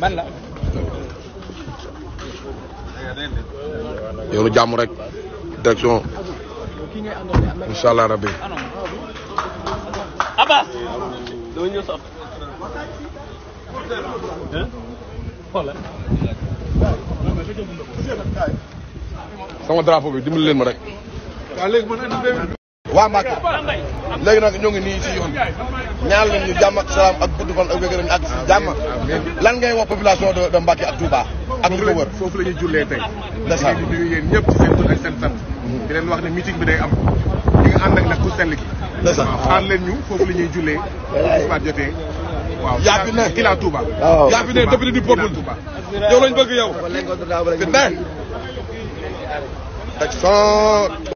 ban la. yoonu jàmm rek direction incha rabbi. Abbas. dama ñëw sax. sama drapeau bi dimbali leen ma rek. waa Mbacke léegi nag ñoo ngi nii ci yoon ñaar leen ñu jàmm ak salaam ak gudd fan ak jàmm lan ngay wax population de de Mbacke ak Touba ak li wër foofu la ñuy jullee tey ndeysaan di nuyu yéen ñëpp ci seen tur ak seen sant di leen wax ne meeting bi day am ñu ngi ànd ak nag ku sell ki ndeysaan xaar leen ñu foofu la ñuy jullee isbaat jotee waaw yaa fi ne Ila Touba yaa fi ne député du peuple yow lañ bëgg yow fi